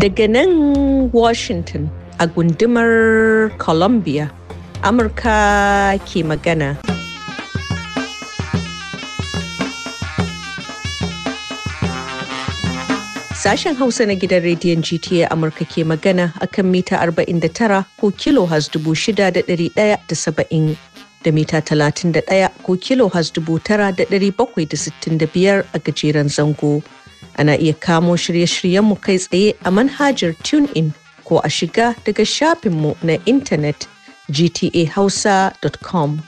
Daga nan Washington a gundumar Columbia, Amurka ke magana. Sashen Hausa na gidan rediyon GTA Amurka ke magana akan mita 49 ko kilo has 6,170 da mita 31 ko dubu tara da da bakwai sittin da biyar a gajeren zango. Ana iya kamo shirye-shiryenmu kai tsaye a manhajar TuneIn ko a shiga daga shafinmu na intanet gtahausa.com.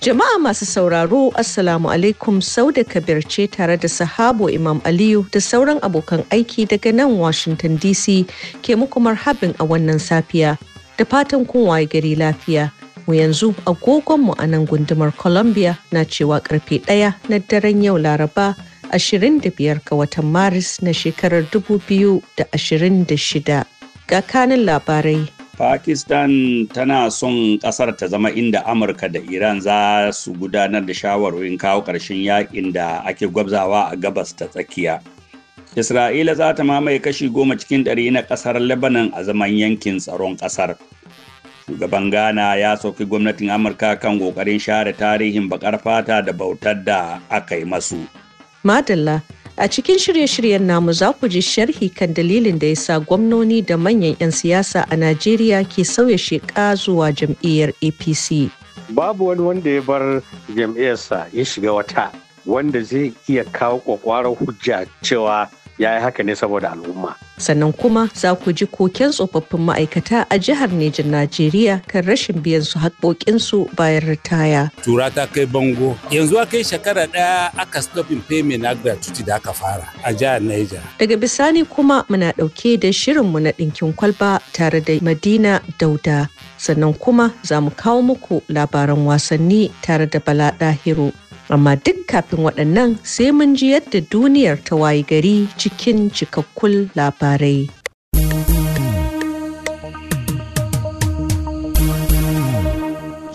Jama'a masu sauraro, Assalamu alaikum sau da kabir ce tare da sahabo Imam Aliyu da sauran abokan aiki daga nan Washington DC ke muku marhabin a wannan safiya. Da fatan kun waye gari lafiya. mu yanzu agogonmu a nan gundumar Columbia na cewa karfe ɗaya na daren yau Laraba 25 ga watan Maris na shekarar 2026. Ga kanin labarai. Pakistan tana son ƙasar ta zama inda Amurka da Iran za su gudanar da shawarwarin kawo ƙarshen yakin da ake gwabzawa a gabas ta tsakiya. Isra'ila za ta mamaye kashi goma cikin ɗari na ƙasar Lebanon a zaman yankin tsaron ƙasar. shugaban ghana ya sauki gwamnatin amurka kan kokarin share tarihin bakar fata da bautar da aka yi masu madalla a cikin shirye-shiryen namu za ku ji sharhi kan dalilin da ya sa gwamnoni da manyan 'yan siyasa a najeriya ke sauya sheƙa zuwa jam'iyyar apc babu wani wanda ya bar jam'iyyarsa ya shiga wata wanda zai iya kawo kwakwarar hujja cewa ya yi haka ne saboda al'umma. Sannan kuma za ku ji koken tsofaffin ma'aikata a jihar Nijar Najeriya kan rashin biyan su haƙoƙinsu bayan ritaya. Tura ta kai bango. Yanzu aka yi shekara ɗaya aka in payment na gratuity da aka fara a jihar Niger. Daga bisani kuma muna ɗauke da shirinmu na ɗinkin kwalba tare da Madina Dauda. Sannan kuma za mu kawo muku labaran wasanni tare da Bala Dahiru. amma duk kafin waɗannan sai mun ji yadda duniyar ta wayi gari cikin cikakkun labarai.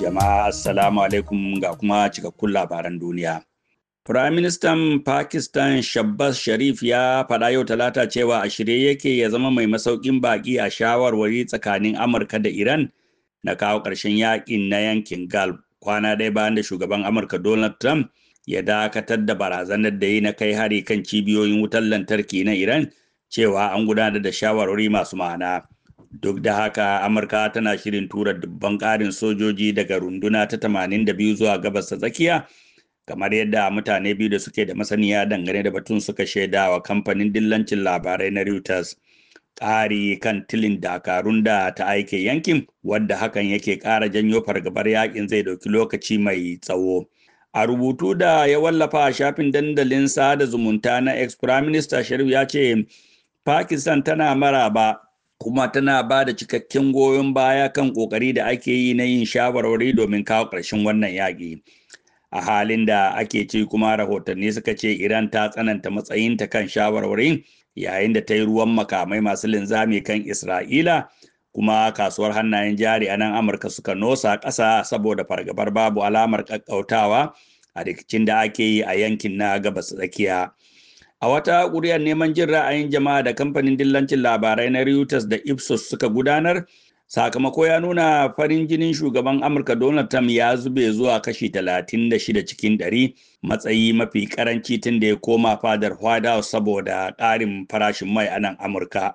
Jama'a Assalamu alaikum ga kuma cikakkun labaran duniya. Firaministan Pakistan Shabbas Sharif ya faɗa yau talata cewa a shirye yake ya zama mai masaukin baƙi a shawarwari tsakanin Amurka da Iran na kawo ƙarshen yaƙin na yankin Galb. kwana ɗaya bayan da shugaban amurka donald trump ya dakatar da barazanar da yi na kai hari kan cibiyoyin wutar lantarki na iran cewa an gudanar da shawarwari masu ma'ana duk da haka amurka tana shirin tura dubban ƙarin sojoji daga runduna ta 82 zuwa gabas ta tsakiya kamar yadda mutane biyu da suke da masaniya dangane da batun suka shaida wa kamfanin dillancin labarai na reuters ƙari kan tilin dakarun da ta aike yankin wadda hakan yake ƙara janyo fargabar yakin zai ɗauki lokaci mai tsawo. A rubutu da ya wallafa a shafin dandalin sada zumunta na ex-prime minister Sharif ya ce Pakistan tana maraba kuma tana ba da cikakken goyon baya kan ƙoƙari da ake yi na yin shawarwari domin kawo ƙarshen wannan yaƙi. A halin da ake ci kuma rahotanni suka ce Iran ta tsananta matsayinta kan shawarwarin yayin da ta yi ruwan makamai masu linzami kan Isra'ila kuma kasuwar hannayen jari a nan Amurka suka nosa ƙasa saboda fargabar babu alamar ƙaƙƙautawa a rikicin da ake yi a yankin na gabas tsakiya. A wata ƙuri'ar neman jin ra'ayin jama'a da kamfanin dillancin labarai na Reuters da Ipsos suka gudanar, sakamako ya nuna farin jinin shugaban amurka donald trump ya zube zuwa kashi 36 cikin 100 matsayi mafi karanci tun da ya koma fadar white saboda ƙarin farashin mai a nan amurka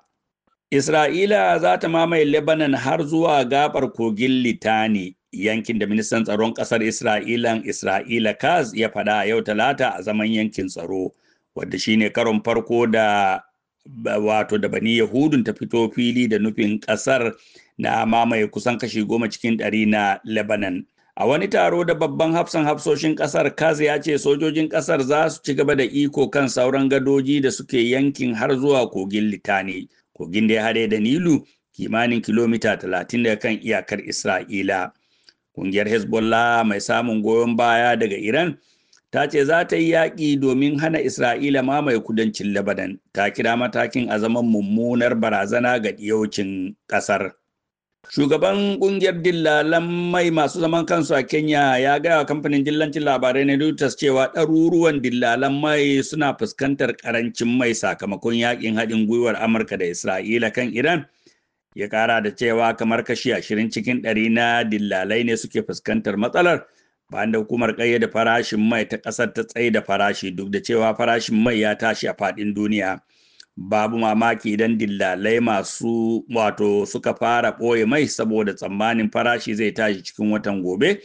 isra'ila za ta mamaye lebanon har zuwa gabar kogin litani yankin da ministan tsaron kasar isra'ilan isra'ila kaz ya faɗa yau talata a zaman yankin tsaro wadda shine karon farko da wato da bani yahudun ta fito fili da nufin ƙasar na mamaye kusan kashi goma cikin ɗari na Lebanon. A wani taro da babban hafsan hafsoshin ƙasar Kaz ya ce sojojin ƙasar za su ci gaba da iko kan sauran gadoji da suke yankin har zuwa kogin Litani. Kogin da ya haɗe da Nilu kimanin kilomita talatin daga kan iyakar Isra'ila. ƙungiyar Hezbollah mai samun goyon baya daga Iran ta ce za ta yi yaƙi domin hana Isra'ila mamaye kudancin Lebanon. Ta kira matakin a zaman mummunar barazana ga ƙasar. Shugaban kungiyar dillalan mai masu zaman kansu a Kenya ya gaya wa kamfanin dillancin labarai na Reuters cewa ɗaruruwan dillalan mai suna fuskantar ƙarancin mai sakamakon yakin haɗin gwiwar Amurka da Isra'ila kan Iran. Ya ƙara da cewa kamar kashi ashirin cikin ɗari na dillalai ne suke fuskantar matsalar bayan da hukumar da farashin mai ta ƙasar ta tsaye da farashi duk da cewa farashin mai ya tashi a faɗin duniya. babu mamaki idan dillalai masu wato suka fara ɓoye mai saboda tsammanin farashi zai tashi cikin watan gobe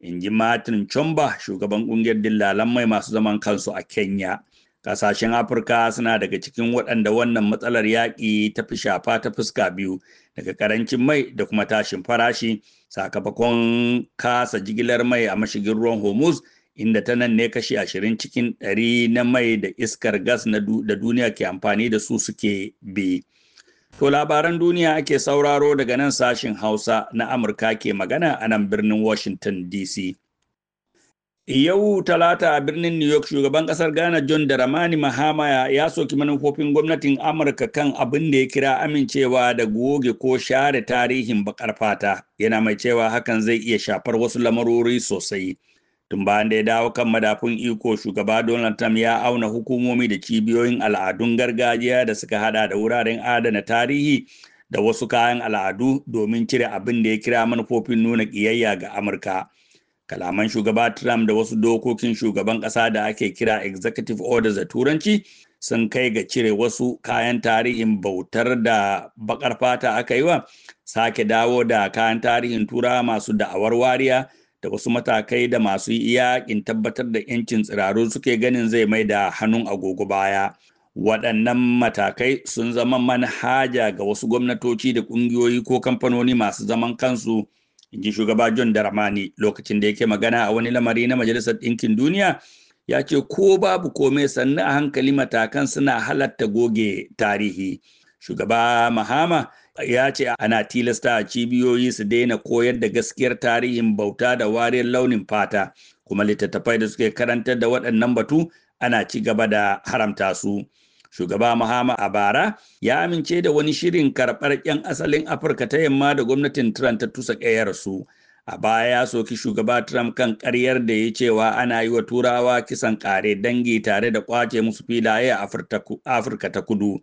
in ji martin chomba shugaban ƙungiyar dillalan mai masu zaman kansu a kenya Ƙasashen Afirka suna daga cikin waɗanda wannan matsalar yaƙi ta fi shafa ta fuska biyu daga karancin mai da kuma tashin farashi sakamakon kasa jigilar mai a mashigin ruwan Hormuz inda ta nan ne kashi ashirin cikin ɗari na mai da iskar gas na da duniya ke amfani da su suke bi. To labaran duniya ake sauraro daga nan sashin Hausa na Amurka ke magana a nan birnin Washington DC. Yau talata a birnin New York shugaban kasar Ghana John Dramani Mahama ya soki manufofin gwamnatin Amurka kan abin da ya kira amincewa da goge ko share tarihin baƙar fata yana mai cewa hakan zai iya shafar wasu lamarori sosai. Tun bayan da ya dawo kan madafun iko shugaba Donald Trump ya auna hukumomi da cibiyoyin al'adun gargajiya da suka hada da wuraren adana tarihi da wasu kayan al'adu domin cire abin da ya kira manufofin nuna ƙiyayya ga Amurka. Kalaman shugaba Trump da wasu dokokin shugaban ƙasa da ake kira executive orders da turanci sun kai ga cire wasu kayan tarihin bautar da bakar fata aka yi wa sake dawo da kayan tarihin tura masu da'awar wariya da wasu matakai da masu yakin tabbatar da 'yancin tsiraru suke ganin zai mai da hannun agogo baya. Waɗannan matakai sun zama manhaja ga wasu gwamnatoci da ƙungiyoyi ko kamfanoni masu zaman kansu, Inji shugaba John Darmani lokacin da yake magana a wani lamari na Majalisar Ɗinkin Duniya. Ya ce ko babu komai sannu a hankali matakan suna halatta goge tarihi. Shugaba Mahama ya ce ana tilasta a cibiyoyi su daina koyar da gaskiyar tarihin bauta da wariyar launin fata kuma littattafai da suke karantar da waɗannan batu ana ci gaba da haramta su shugaba mahama a bara ya amince da wani shirin karɓar 'yan asalin afirka ta yamma da gwamnatin trump ta tusa ƙayar su a baya ya soki shugaba Trump kan karyar da ya cewa ana yi wa turawa kisan ƙare dangi tare da kwace musu filaye a Afirka ta kudu.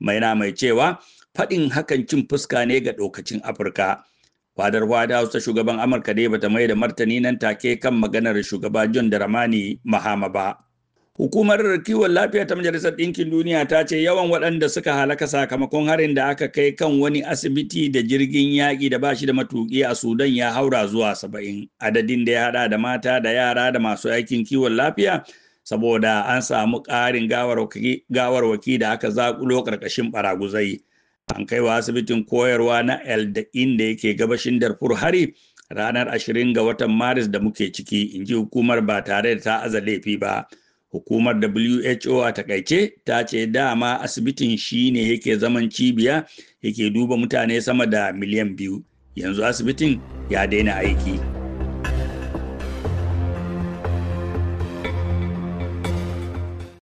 Mai na mai cewa faɗin hakan cin fuska ne ga ɗokacin Afirka. Fadar wada ta shugaban Amurka dai bata mai da martani nan take kan maganar shugaba John Dramani Mahama ba. Hukumar kiwon lafiya ta Majalisar Ɗinkin Duniya ta ce yawan waɗanda suka halaka sakamakon harin da aka kai kan wani asibiti da jirgin yaƙi da bashi da matuƙi a Sudan ya haura zuwa saba'in. Adadin da ya haɗa da mata da yara da masu aikin kiwon lafiya saboda an samu ƙarin gawarwaki da aka zaƙulo ƙarƙashin ɓaraguzai. An kai wa asibitin koyarwa na da inda yake gabashin Darfur hari ranar ashirin ga watan Maris da muke ciki, in ji hukumar ba tare da ta aza laifi ba. Hukumar WHO a takaice ta ce dama asibitin shine yake zaman cibiya yake duba mutane sama da miliyan biyu. Yanzu asibitin ya daina aiki.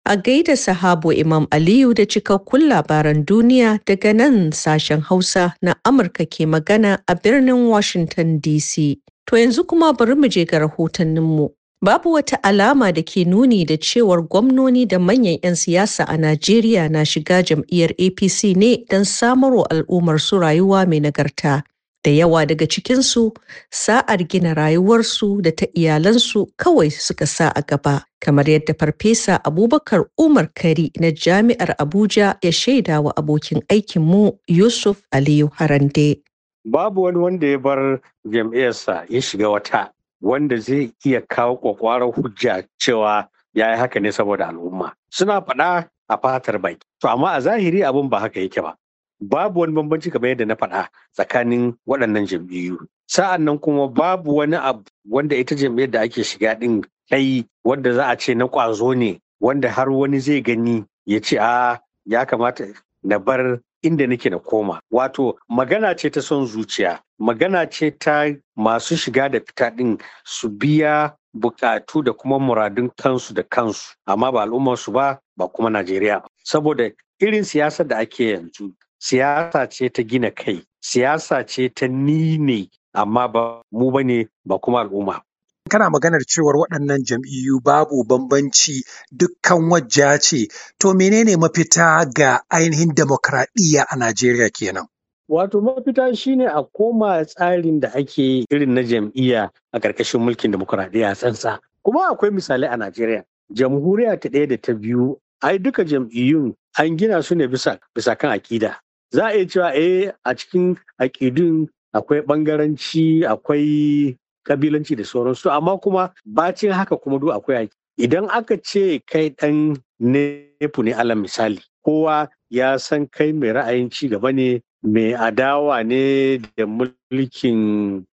A gaida sahabo Imam Aliyu da cikakkun labaran duniya daga nan sashen Hausa na Amurka ke magana a birnin Washington DC. To yanzu kuma bari mu je ga rahotanninmu. Babu wata alama da ke nuni da cewar gwamnoni da manyan 'yan siyasa a Najeriya na shiga jam'iyyar APC ne don samarwa al'ummar su rayuwa mai nagarta. Da yawa daga cikinsu, sa'ar gina rayuwarsu da ta iyalansu kawai suka sa a gaba, kamar yadda Farfesa Abubakar Umar Kari na Jami'ar Abuja ya shaida wa abokin aikinmu Yusuf Aliyu Harande. Babu wani wanda ya bar jam'iyyarsa ya shiga wata wanda zai iya kawo kwakwaran hujja cewa ya yi haka ne saboda al'umma suna faɗa a fatar baki to amma a zahiri abin ba haka yake ba babu wani bambanci kamar yadda na faɗa tsakanin waɗannan jam'iyyu sa'an nan kuma babu wani abu wanda ita jam'iyyar da ake shiga ɗin kai wanda za a ce na ƙwazo ne wanda har wani zai gani ya ce a ya kamata na bar inda nake da koma wato magana ce ta son zuciya magana ce ta masu shiga da fita ɗin su biya bukatu da kuma muradun kansu da kansu amma ba al'ummarsu ba ba kuma najeriya saboda irin siyasa da ake yanzu siyasa ce ta gina kai siyasa ce ta ni ne amma ba mu ba ba kuma al'umma kana maganar cewar waɗannan jam'iyyu babu bambanci dukkan wajja ce to menene mafita ga ainihin demokradiyya a Najeriya kenan? Wato mafita shine a koma tsarin da ake irin na jam'iyya a ƙarƙashin mulkin demokuraɗiyya tsansa Kuma akwai misalai a Najeriya. Jamhuriya ta ɗaya da ta biyu, ai duka jam'iyyun an gina su ne bisa, bisa kan akida Za a iya cewa eh a cikin aƙidun akwai ɓangaranci, akwai kabilanci da sauran su amma kuma bacin haka kuma duk akwai aiki idan aka ce kai ɗan nefu ne alal misali kowa ya san kai mai ra'ayin ci gaba ne mai adawa ne da mulkin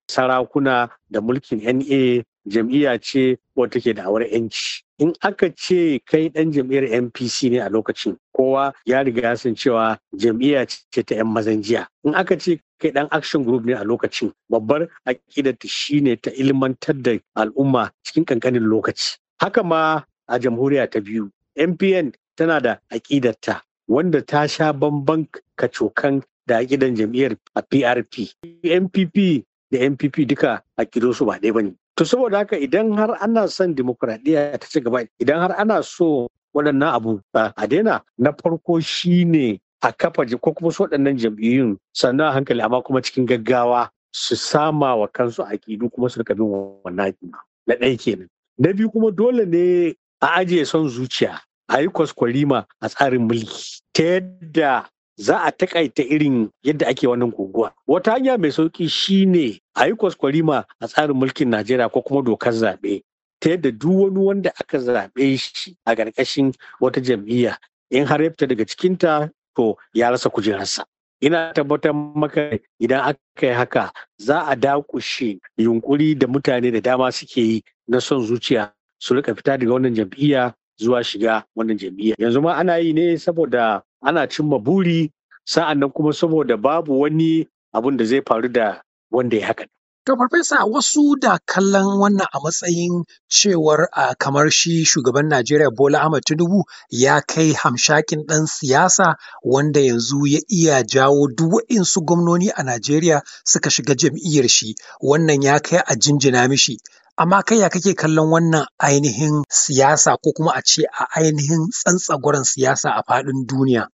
sarakuna da mulkin na jam'iyya ce wata ke da awar yanci in aka ce kai ɗan jam'iyyar npc ne a lokacin kowa ya riga ya san cewa jam'iyya ce ta 'yan mazan jiya in aka ce kai dan action group ne a lokacin babbar aƙidar ta shine ta ilmantar da al'umma cikin kankanin lokaci haka ma a jamhuriya ta biyu mpn tana da aƙidarta wanda ta sha bamban kacokan da aƙidan jam'iyyar a prp npp da npp duka aƙidunsu ba ɗaya ba ne to saboda haka idan har ana son dimokuraɗiyya ta ci gaba idan har ana so waɗannan abu a daina na farko shine a kafa ko kuma su waɗannan jam'iyyun sannan a hankali amma kuma cikin gaggawa su sama wa kansu a ƙidu kuma su rika bin wannan aƙida na ɗaya kenan na biyu kuma dole ne a ajiye son zuciya a yi kwaskwarima a tsarin mulki ta yadda za a takaita irin yadda ake wannan guguwa wata hanya mai sauki shine a yi kwaskwarima a tsarin mulkin najeriya ko kuma dokar zaɓe ta yadda duk wani wanda aka zaɓe shi a ƙarƙashin wata jam'iyya in har ya fita daga cikinta to ya rasa kujerarsa ina tabbatar maka idan aka yi haka za a dakushe yunkuri da mutane da dama suke yi na son zuciya su rika fita daga wannan jam'iyya zuwa shiga wannan jam'iyya yanzu ma ana yi ne saboda ana cimma buri sa'an nan kuma saboda babu wani abun da zai faru da wanda ya haka To farfesa wasu da kallon wannan a matsayin cewar a kamar shi shugaban Najeriya Bola Ahmed Tinubu ya kai hamshakin ɗan siyasa wanda yanzu ya iya jawo duk waɗansu gwamnoni a Najeriya suka shiga jam'iyyar shi wannan ya kai a jinjina mishi. Amma kai ya kake kallon wannan ainihin siyasa ko kuma a ce a ainihin tsantsagoran siyasa a faɗin duniya?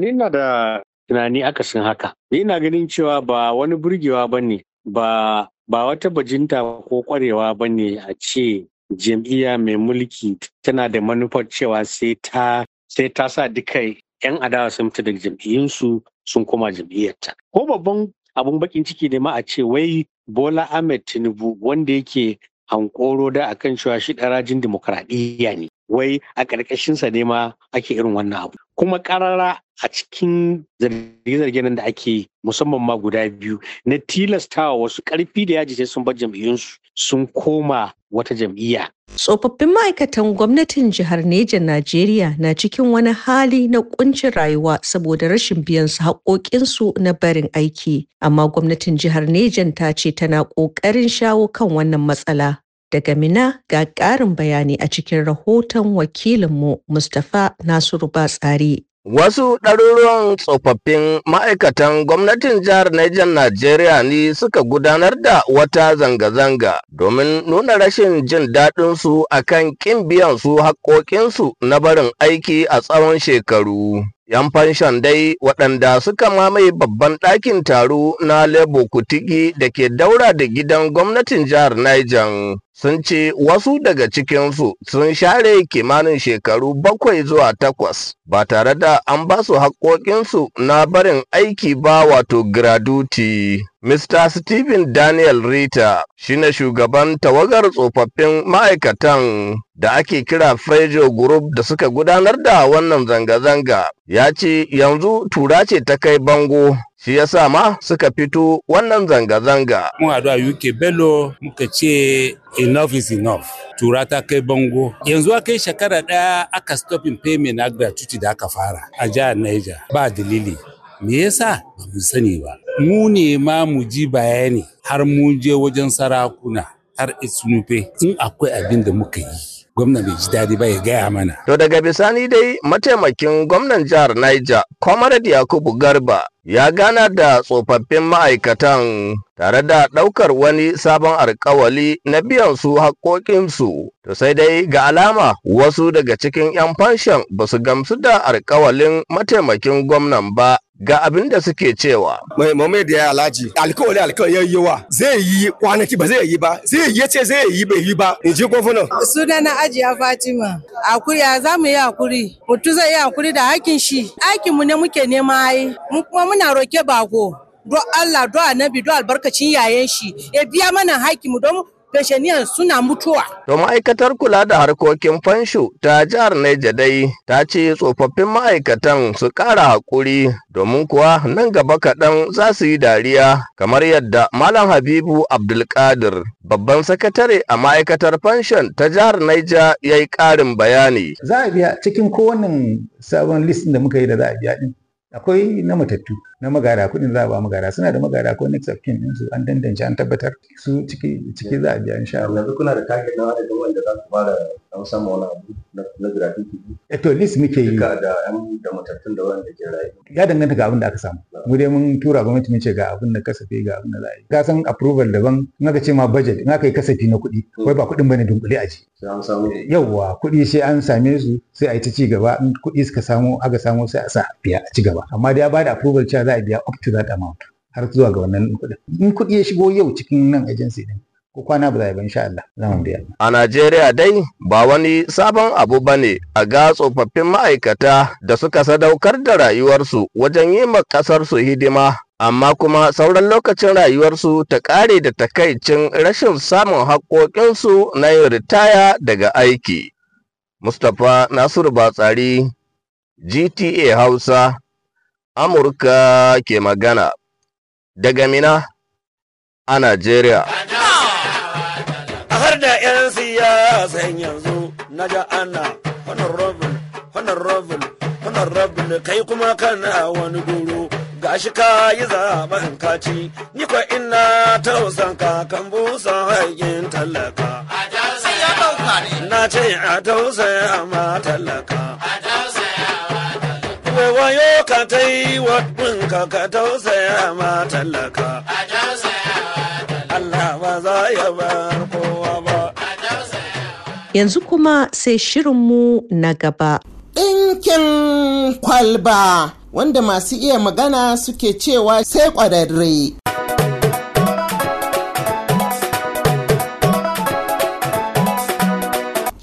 Ni na da tunani akasin haka. Ni na ganin cewa ba wani burgewa ba ne ba ba wata bajinta ko kwarewa ba ne a ce jam'iyya mai mulki tana da manufar cewa sai ta sa duka 'yan adawa sun fita daga jam'iyyunsu sun koma jam'iyyarta ko babban abun bakin ciki ne ma a ce wai bola ahmed tinubu wanda yake hankoro da akan cewa shi ɗarajin dimokuraɗiyya ne wai a ƙarƙashinsa ne ma ake irin wannan abu kuma karara a cikin zarge-zargen da ake musamman ma guda biyu na tilastawa wasu karfi da yaji sai sun bar jam'iyyunsu sun koma wata jam'iyya. Tsofaffin ma'aikatan gwamnatin jihar Neja Najeriya na cikin wani hali na kuncin rayuwa saboda rashin biyan su haƙoƙinsu na barin aiki. Amma gwamnatin jihar Nejan ta ce tana ƙoƙarin shawo kan wannan matsala. Daga Mina ga ƙarin bayani a cikin rahoton wakilinmu Mustapha Nasiru Batsari. Wasu ɗaruruwan tsofaffin ma'aikatan gwamnatin jihar Niger Najeriya ne suka gudanar da wata zanga-zanga domin nuna rashin jin daɗinsu a kan ƙin biyan su haƙoƙinsu na barin aiki a tsawon shekaru. ‘Yan fanshon dai waɗanda suka mamaye babban ɗakin taro na Lebo Kutigi da ke daura da gidan gwamnatin jihar Niger. sun ce wasu daga cikinsu sun share kimanin shekaru bakwai zuwa takwas ba tare da an ba su haƙoƙinsu na barin aiki ba wato graduti. Mr. Stephen Daniel Rita shine shugaban tawagar tsofaffin ma'aikatan da ake kira Frejo Group da suka gudanar da wannan zanga-zanga ya ce yanzu tura ce ta kai bango shi yasa ma suka fito wannan zanga-zanga. Mun haɗu a UK Bello muka ce enough is enough. Tura ta kai bango. Yanzu aka yi shekara ɗaya aka stopping payment na gratuity da aka fara a jihar Niger ba dalili. Me yasa ba mu sani ba. Mu ne ma mu ji bayani har mu je wajen sarakuna har isunufe in akwai abin da muka yi. gwamna bai ji daɗi ba ya gaya mana. To daga bisani dai mataimakin gwamnan jihar Niger, Comrade Yakubu Garba ya gana da tsofaffin ma'aikatan tare da ɗaukar wani sabon alkawali na biyan su haƙoƙinsu. To sai dai ga alama wasu daga cikin 'yan fanshan ba su gamsu da alkawalin mataimakin gwamnan ba ga abin da suke cewa. Mai mamai da ya alhaji alkawari alkawari ya yi wa zai yi kwanaki ba zai yi ba zai yi ce zai yi bai yi ba in ji gwamna. Suna na ajiya Fatima akuri ya za mu yi akuri mutu zai yi akuri da hakin shi aikin mu ne muke nema yi mu kuma muna roke bako. Do Allah do annabi do albarkacin yayen shi ya biya mana hakimu don fashaniyan suna mutuwa. To ma'aikatar kula da harkokin fansho ta jihar Neja dai ta ce tsofaffin ma'aikatan su ƙara haƙuri domin kuwa nan gaba kaɗan za su yi dariya kamar yadda Malam Habibu Abdulkadir babban sakatare a ma'aikatar fanshon ta jihar Neja ya yi ƙarin bayani. Za a biya cikin kowanne sabon listin da muka yi da za a biya din akwai na matattu na magara kuɗin za a ba magara suna da magara ko next of kin su an dandance an tabbatar su ciki ciki za a biya insha Allah. Yanzu kuna da target na adadin wanda za ku fara an samu wani abu na gratuity. eh to list muke yi. Duka da ƴan da matattun da wanda ke rayuwa Ya danganta ga abin da aka samu. Mu dai mun tura gwamnati mun ce ga abin da kasafi ga abin da za a yi. Ka san approval daban in aka ce ma budget in aka yi kasafi na kuɗi wai ba kuɗin bane dunkule a ji. Eh, yauwa kuɗi sai an same su sai a yi ta ci gaba in kuɗi suka samu aka samu sai a sa biya a ci gaba amma dai ya bada approval cewa za a biya up to that amount har zuwa ga wannan kuɗin in kuɗi ya shigo yau cikin nan agency din ko kwana ba za a insha Allah za mu biya a Najeriya dai ba wani sabon abu bane a ga tsofaffin ma'aikata da suka sadaukar da rayuwarsu wajen yi ma ƙasarsu hidima amma kuma sauran lokacin rayuwarsu ta ƙare da takaicin rashin samun haƙoƙinsu na yin ritaya daga aiki. Mustapha Nasiru Batsari, GTA Hausa Amurka ke magana daga Mina a Najeriya. Har da 'yan siyasan yanzu na ga ana robin, honorable, robin kai kuma kana wani guru gashi ka yi zaɓen kaci, ni ko ina tausan ka kan busa haƙin talaka. Na ce a tausaya ma talaka. mai wayo ka ta yi wa ɗinka ka tausaya ma tallaka. Allah ba za ya bar kowa ba. Yanzu kuma sai shirinmu na gaba. Ɗinkin kwalba wanda masu iya magana suke cewa sai ƙwararre.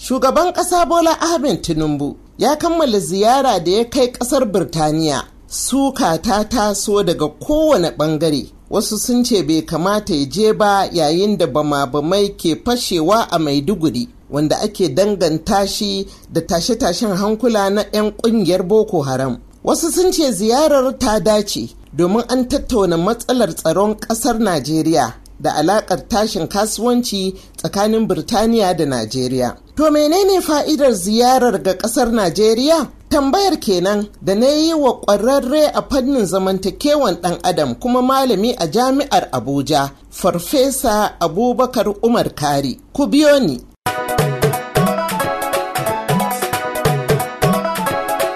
Shugaban ƙasa Bola Ahmed Tinubu ya kammala ziyara da ya kai kasar birtaniya suka ta taso daga kowane bangare wasu sun ce bai kamata ya je ba yayin da bama-bamai ke fashewa a maiduguri wanda ake danganta shi da tashe-tashen hankula na 'yan kungiyar boko haram wasu sun ce ziyarar ta dace domin an tattauna matsalar tsaron kasar najeriya da alakar tashin kasuwanci tsakanin Birtaniya da Najeriya. To menene fa'idar ziyarar ga ƙasar Najeriya? Tambayar kenan da na yi wa ƙwararre a fannin zamantakewan ɗan adam kuma malami a jami'ar Abuja, Farfesa Abubakar Umar Kari. Ku biyo ni.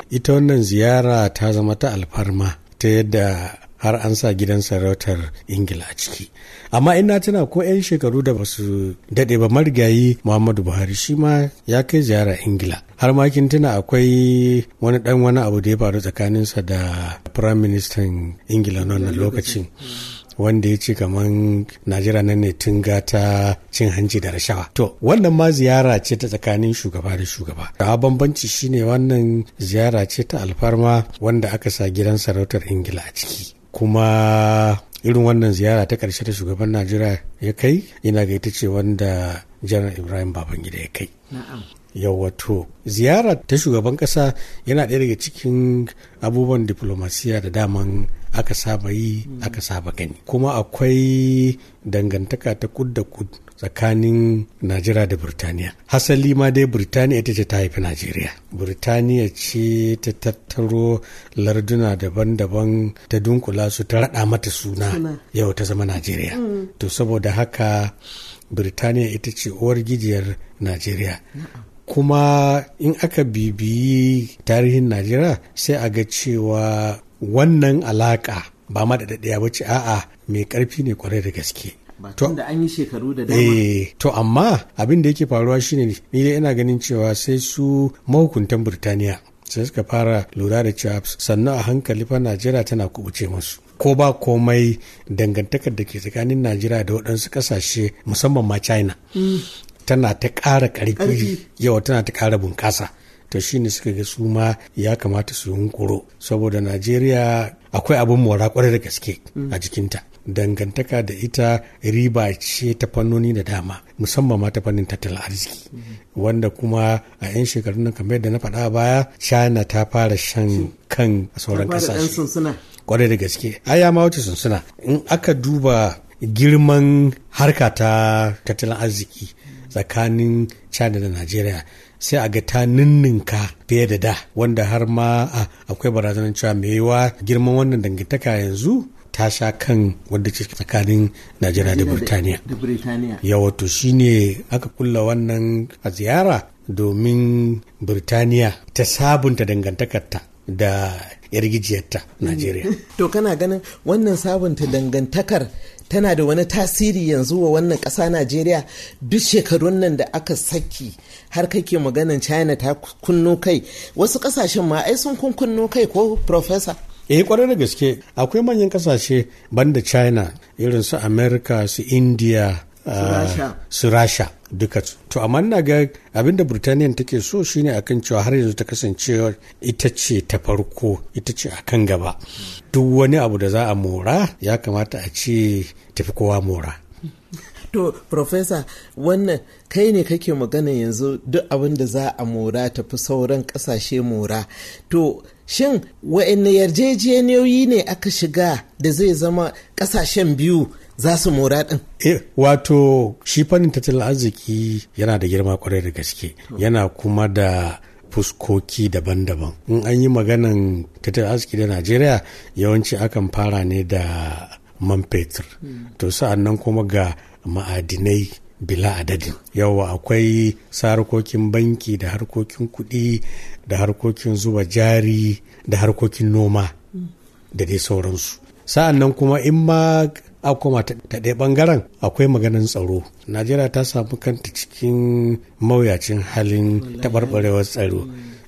Ita wannan ziyara ta zama ta alfarma ta yadda har an sa gidan sarautar ingila a ciki amma ina tana ko 'yan shekaru da basu daɗe ba marigayi muhammadu buhari shi ma ya kai ziyara ingila har makin tana akwai wani ɗan wani abu da ya faru tsakaninsa da prime minister ingila na lokacin wanda ya ce kamar najeriya nan ne tun gata cin hanci da rashawa to wannan ma ziyara ce ta tsakanin shugaba da shugaba a bambanci shine wannan ziyara ce ta alfarma wanda aka sa gidan sarautar ingila a ciki kuma irin wannan ziyara ta ƙarshe da shugaban najeriya ya kai ina ga ita ce wanda janar ibrahim babangida ya kai wato ziyara ta shugaban ƙasa yana ɗaya daga cikin abubuwan diplomasiya da daman aka saba yi aka saba gani kuma akwai dangantaka ta kud da kud tsakanin najeriya da burtaniya hasali ma dai burtaniya ita ce ta haifi najeriya burtaniya ce ta tattaro larduna daban-daban ta dunkula su ta raɗa mata suna yau ta zama najeriya mm. to saboda haka birtaniya ita ce uwar gijiyar najeriya kuma in aka bibiyi tarihin najeriya sai a ga cewa wannan alaka ba ma da ba ce a'a mai karfi ne kwarai da gaske ba tun da an yi shekaru da dama eh to amma abin da yake faruwa shine ni dai ina ganin cewa sai su mahukuntan Burtaniya sai suka fara lura da cewa sannan a hankali fa Najeriya tana kubuce musu ko ba komai dangantakar da ke tsakanin Najeriya da waɗansu ƙasashe musamman ma China mm. tana ta ƙara ƙarfi yawa tana ta ƙara bunƙasa to shine suka ga su ma ya kamata su hunkuro saboda najeriya akwai abin mora kwarai da gaske mm. a jikinta dangantaka da ita riba ce ta fannoni da dama musamman ma ta fannin tattalin arziki wanda kuma a 'yan shekarun nan kamar yadda na faɗa baya china ta fara shan kan sauran ƙasashe kwarai da gaske aya ma wuce sunsuna in aka duba girman harka ta tattalin arziki tsakanin china da najeriya sai a ga ta ninninka fiye da da wanda har ma akwai barazanar cewa mai yiwa girman wannan dangantaka yanzu ta sha kan wadda ke tsakanin najeriya da birtaniya yawa to shine aka kulla wannan a ziyara domin birtaniya ta sabunta dangantakarta da yargijiyarta najeriya to kana ganin wannan sabunta dangantakar tana da wani tasiri yanzu wa wannan ƙasa najeriya duk shekarun nan da aka saki har kake maganan china ta kunno kai wasu kasashen ma ai sun kunno kai ko professor eh kwarai da gaske akwai manyan kasashe banda china irin su america su india ah, su rasha duka to amma na ga abinda burtaniya take so shine akan cewa har yanzu ta kasance ita ce ta farko ita ce akan gaba duk wani abu da za a mora ya kamata a ce tafi kowa mora to profesa wannan kai ne kake magana yanzu duk abin da za a mora tafi sauran kasashe mora to shin wa'anne yarjejeniyoyi ne aka shiga da zai zama kasashen biyu za su mora din eh, wato shi fannin tattalin arziki yana da girma kwarai da gaske yana kuma da fuskoki daban-daban in an yi maganan tattalin arziki da najeriya yawanci akan fara ne da man fetur hmm. to sa'an nan kuma ga ma'adinai bila adadin yawa akwai sa banki da harkokin kuɗi da harkokin zuba jari da harkokin noma da dai sauransu sa'an nan kuma in ma a koma ta ɗaya ɓangaren akwai maganin tsaro najeriya ta samu kanta cikin mawuyacin halin taɓarɓarewar tsaro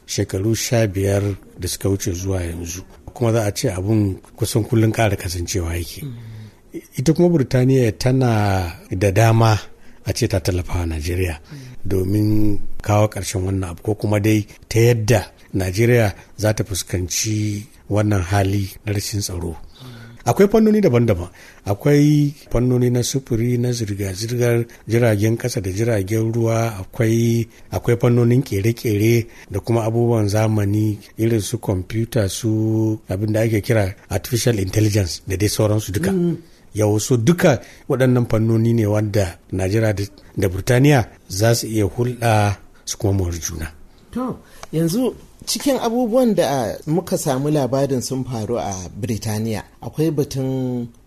shekaru sha biyar da suka wuce zuwa yanzu kuma za a ce abun kusan kullum ƙara kasancewa yake ita kuma burtaniya tana da dama a ce ta tallafawa wa najeriya domin kawo karshen wannan abu ko kuma dai ta yadda najeriya za ta fuskanci wannan hali na rashin tsaro akwai fannoni daban-daban akwai fannoni na sufuri na zirga-zirgar jiragen kasa da jiragen ruwa akwai akwai fannonin kere-kere da kuma abubuwan zamani irin su kwamfuta su abin da ake kira artificial intelligence da dai sauransu duka mm. yau duka waɗannan fannoni ne wanda najeriya da burtaniya za su iya hulɗa su kuma mawar juna to yanzu cikin abubuwan da ah, muka samu labarin sun faru a birtaniya akwai batun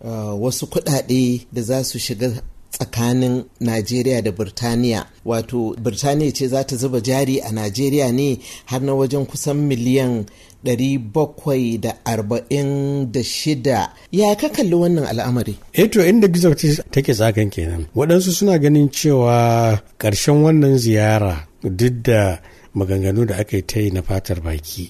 ah, wasu kuɗaɗe da za su shiga tsakanin Najeriya da Birtaniya. Wato, Birtaniya ce za ta zuba jari a Najeriya ne har na wajen kusan miliyan 746. Ya ka kalli wannan al'amari? Eto eh inda gizo take zagan kenan. Waɗansu suna ganin cewa ƙarshen wannan ziyara duk da maganganu da aka yi ta yi na fatar baki.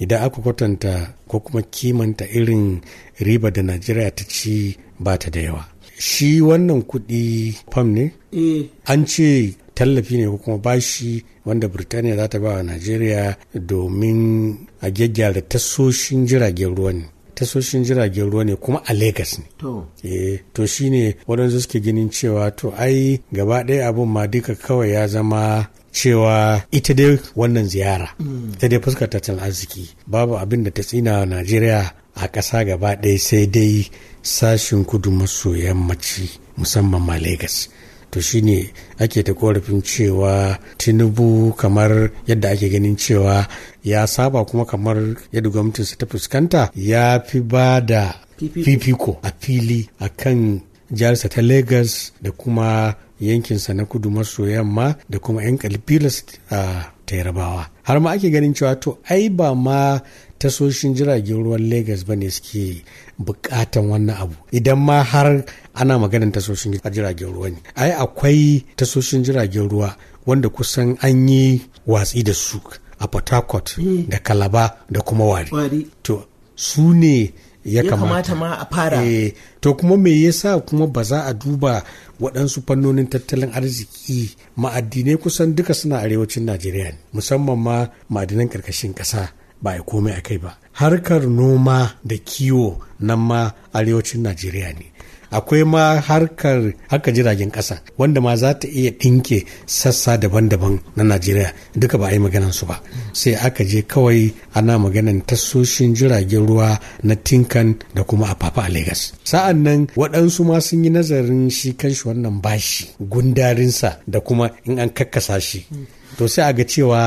Idan aka kwatanta ko kuma kimanta irin riba da Najeriya ta ci ba ta da yawa. shi wannan kuɗi fam ne eh. an ce tallafi ne ko kuma bashi wanda Birtaniya za ta ba wa Najeriya domin a gyaggyara tasoshin jiragen ruwa ne. Tasoshin jiragen ruwa ne kuma a Legas ne. To. Eh, to shi ne waɗansu suke ginin cewa to ai gaba ɗaya abin ma duka kawai ya zama cewa ita dai wannan ziyara. Mm. Ita dai fuskar tattalin arziki babu abin da ta tsina wa Najeriya a ƙasa gaba ɗaya sai dai Sashen kudu maso yammaci musamman ma Legas. To shine ake ta korafin cewa Tinubu kamar yadda ake ganin cewa ya saba kuma kamar yadda gwamnatinsa ta fuskanta ya fi ba da fifiko a fili a kan jiharsa ta Legas da kuma yankinsa na kudu maso yamma da kuma 'yan kalfilas a ah, ta yarabawa har ma ake ganin cewa to ai ba ma tasoshin jiragen ruwan Legas ba ne suke bukatan wannan abu idan ma har ana maganin tasoshin jiragen ruwa ne ai akwai tasoshin jiragen ruwa wanda kusan an yi watsi da su a port harcourt mm. da kalaba da kuma wari to su ne ya kamata ma a fara eh, to kuma me yasa kuma ba za a duba waɗansu fannonin tattalin arziki ma'adinai kusan duka suna arewacin najeriya ne musamman ma ma'adinan ƙarƙashin ƙasa ba a komai a kai ba harkar noma da kiwo nan ma arewacin najeriya ne akwai ma harkar haka jiragen ƙasa wanda ma za ta iya ɗinke sassa daban-daban na najeriya duka ba a yi maganan su ba sai aka je kawai ana maganan tasoshin jiragen ruwa na tinkan da kuma a fafa a lagos sa'an nan waɗansu ma sun yi nazarin shi kan shi wannan bashi gundarinsa da kuma in an kakkasa shi to sai a ga cewa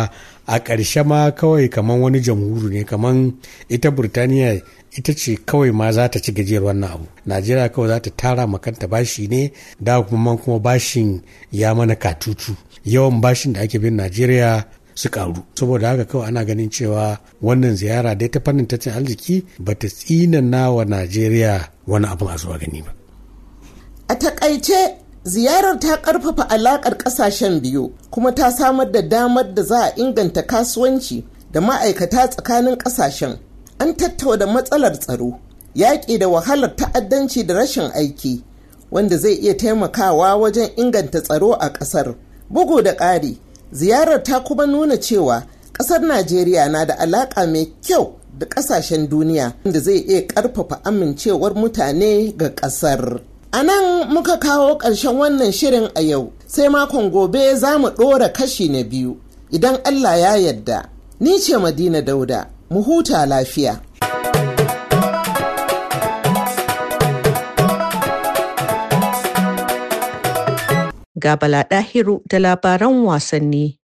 a ƙarshe ma kawai kamar wani jamhuri ne kamar ita burtaniya ita ce kawai ma za ta ci gajiyar wannan abu najeriya kawai za ta tara makanta bashi ne da kuma kuma bashin ya mana katutu yawan bashin da ake bin najeriya su karu saboda haka kawai ana ganin cewa wannan ziyara dai ta fannin tattalin arziki ba ta na wa najeriya wani abu a zuwa gani ba a takaice ziyarar ta karfafa alakar kasashen biyu kuma ta samar da damar da za a inganta kasuwanci da ma'aikata tsakanin kasashen an tattauna matsalar tsaro yaƙi da wahalar ta'addanci da rashin aiki wanda zai iya taimakawa wajen inganta tsaro a ƙasar bugu da ƙari ziyarar ta kuma nuna cewa ƙasar najeriya na da alaƙa mai kyau da ƙasashen duniya wanda zai iya ƙarfafa amincewar mutane ga ƙasar. A nan muka kawo ƙarshen wannan shirin a yau, sai makon gobe za mu ɗora kashi na biyu, idan Allah ya yadda. Ni ce Madina Dauda, mu huta lafiya. Ga Bala Ɗahiru da labaran wasanni.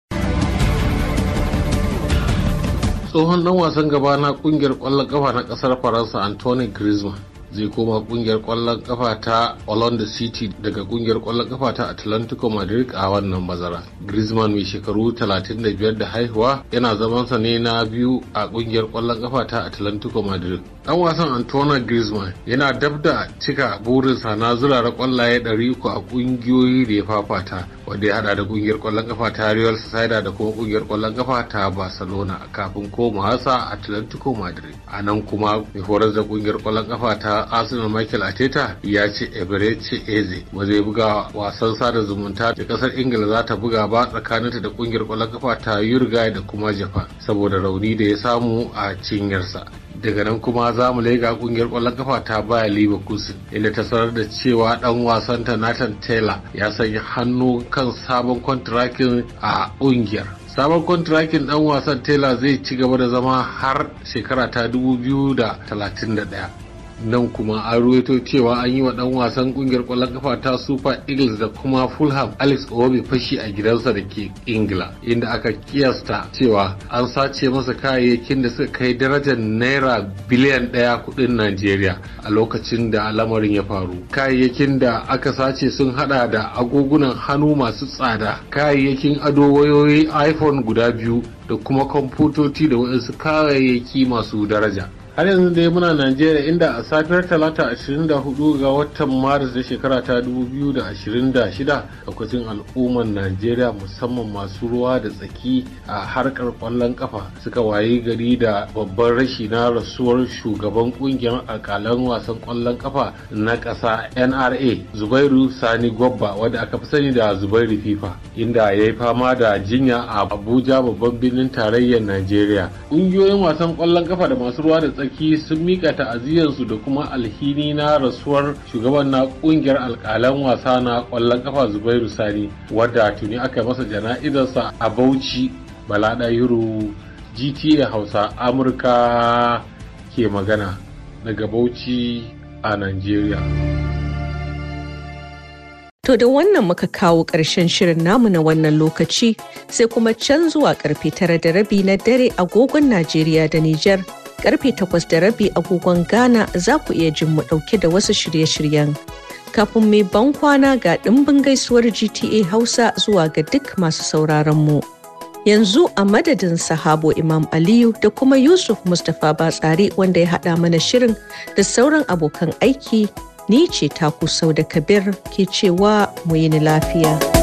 tsohon ɗan wasan gaba na ƙungiyar ƙwallon ƙafa na ƙasar faransa anthony griezmann zai koma kungiyar kwallon kafa ta Orlando City daga kungiyar kwallon kafa ta Atlantico Madrid a wannan bazara. Griezmann mai shekaru 35 da haihuwa yana zamansa ne na biyu a kungiyar kwallon kafa ta Atlantico Madrid. dan wasan antoine griezmann yana dab da cika burinsa na zurara kwallaye 300 a kungiyoyi da ya fafata wanda ya hada da kungiyar kwallon kafa ta real sociedad da kuma kungiyar kwallon kafa ta barcelona kafin koma hasa atlantico madrid a nan kuma mai horar da kungiyar kwallon kafa ta arsenal michael ateta ya ce eberechi eze ba zai buga wasan sada zumunta da kasar ingila za ta buga ba tsakaninta da kungiyar kwallon kafa ta Uruguay da kuma japan saboda rauni da ya samu a cinyarsa daga nan kuma za mu lega kungiyar kwallon kafa ta baya leverkusen inda ta sanar da cewa dan wasan ta nathan taylor ya sanya hannu kan sabon kwantirakin a kungiyar sabon kwantirakin dan wasan taylor zai ci gaba da zama har shekara ta 2031 nan kuma an ruwaito cewa an yi wa dan wasan kungiyar kwallon kafa ta super eagles da kuma fulham alex obi fashi a gidansa da ke ingila inda aka kiyasta cewa an sace masa kayayyakin da suka kai darajar naira biliyan daya kudin najeriya a lokacin da lamarin ya faru kayayyakin da aka sace sun hada da agogunan hannu masu tsada kayayyakin ado wayoyi iphone guda biyu da kuma kwamfutoci da waɗansu kayayyaki masu daraja har yanzu dai muna najeriya inda a safiyar talata 24 ga watan maris da shekara ta 2026 lokacin al'ummar najeriya musamman masu ruwa da tsaki a harkar kwallon kafa suka waye gari da babban rashi na rasuwar shugaban kungiyar alkalan wasan kwallon kafa na kasa nra zubairu sani gwabba wadda aka fi sani da zubairu fifa inda ya yi fama da jinya a abuja babban birnin tarayyar najeriya ƙungiyoyin wasan kwallon kafa da masu ruwa da tsaki sarki sun mika ta'aziyarsu da kuma alhini na rasuwar shugaban na kungiyar alkalan wasa na kwallon kafa zubairu sani wadda tuni aka masa jana'izarsa a bauchi bala yuru gta hausa amurka ke magana daga bauchi a nigeria. To da wannan muka kawo ƙarshen shirin namu na wannan lokaci sai kuma can zuwa ƙarfe tara da rabi na dare agogon Najeriya da Nijar karfe takwas da rabi agogon Ghana za ku iya jin mu ɗauke da wasu shirye-shiryen. Kafin mai ban kwana ga ɗimbin gaisuwar GTA Hausa zuwa ga duk masu sauraron mu. Yanzu a madadin sahabo Imam Aliyu da kuma Yusuf Mustapha Batsari wanda ya haɗa mana shirin da sauran abokan aiki ni ce taku sau da kabir ke cewa mu yi lafiya.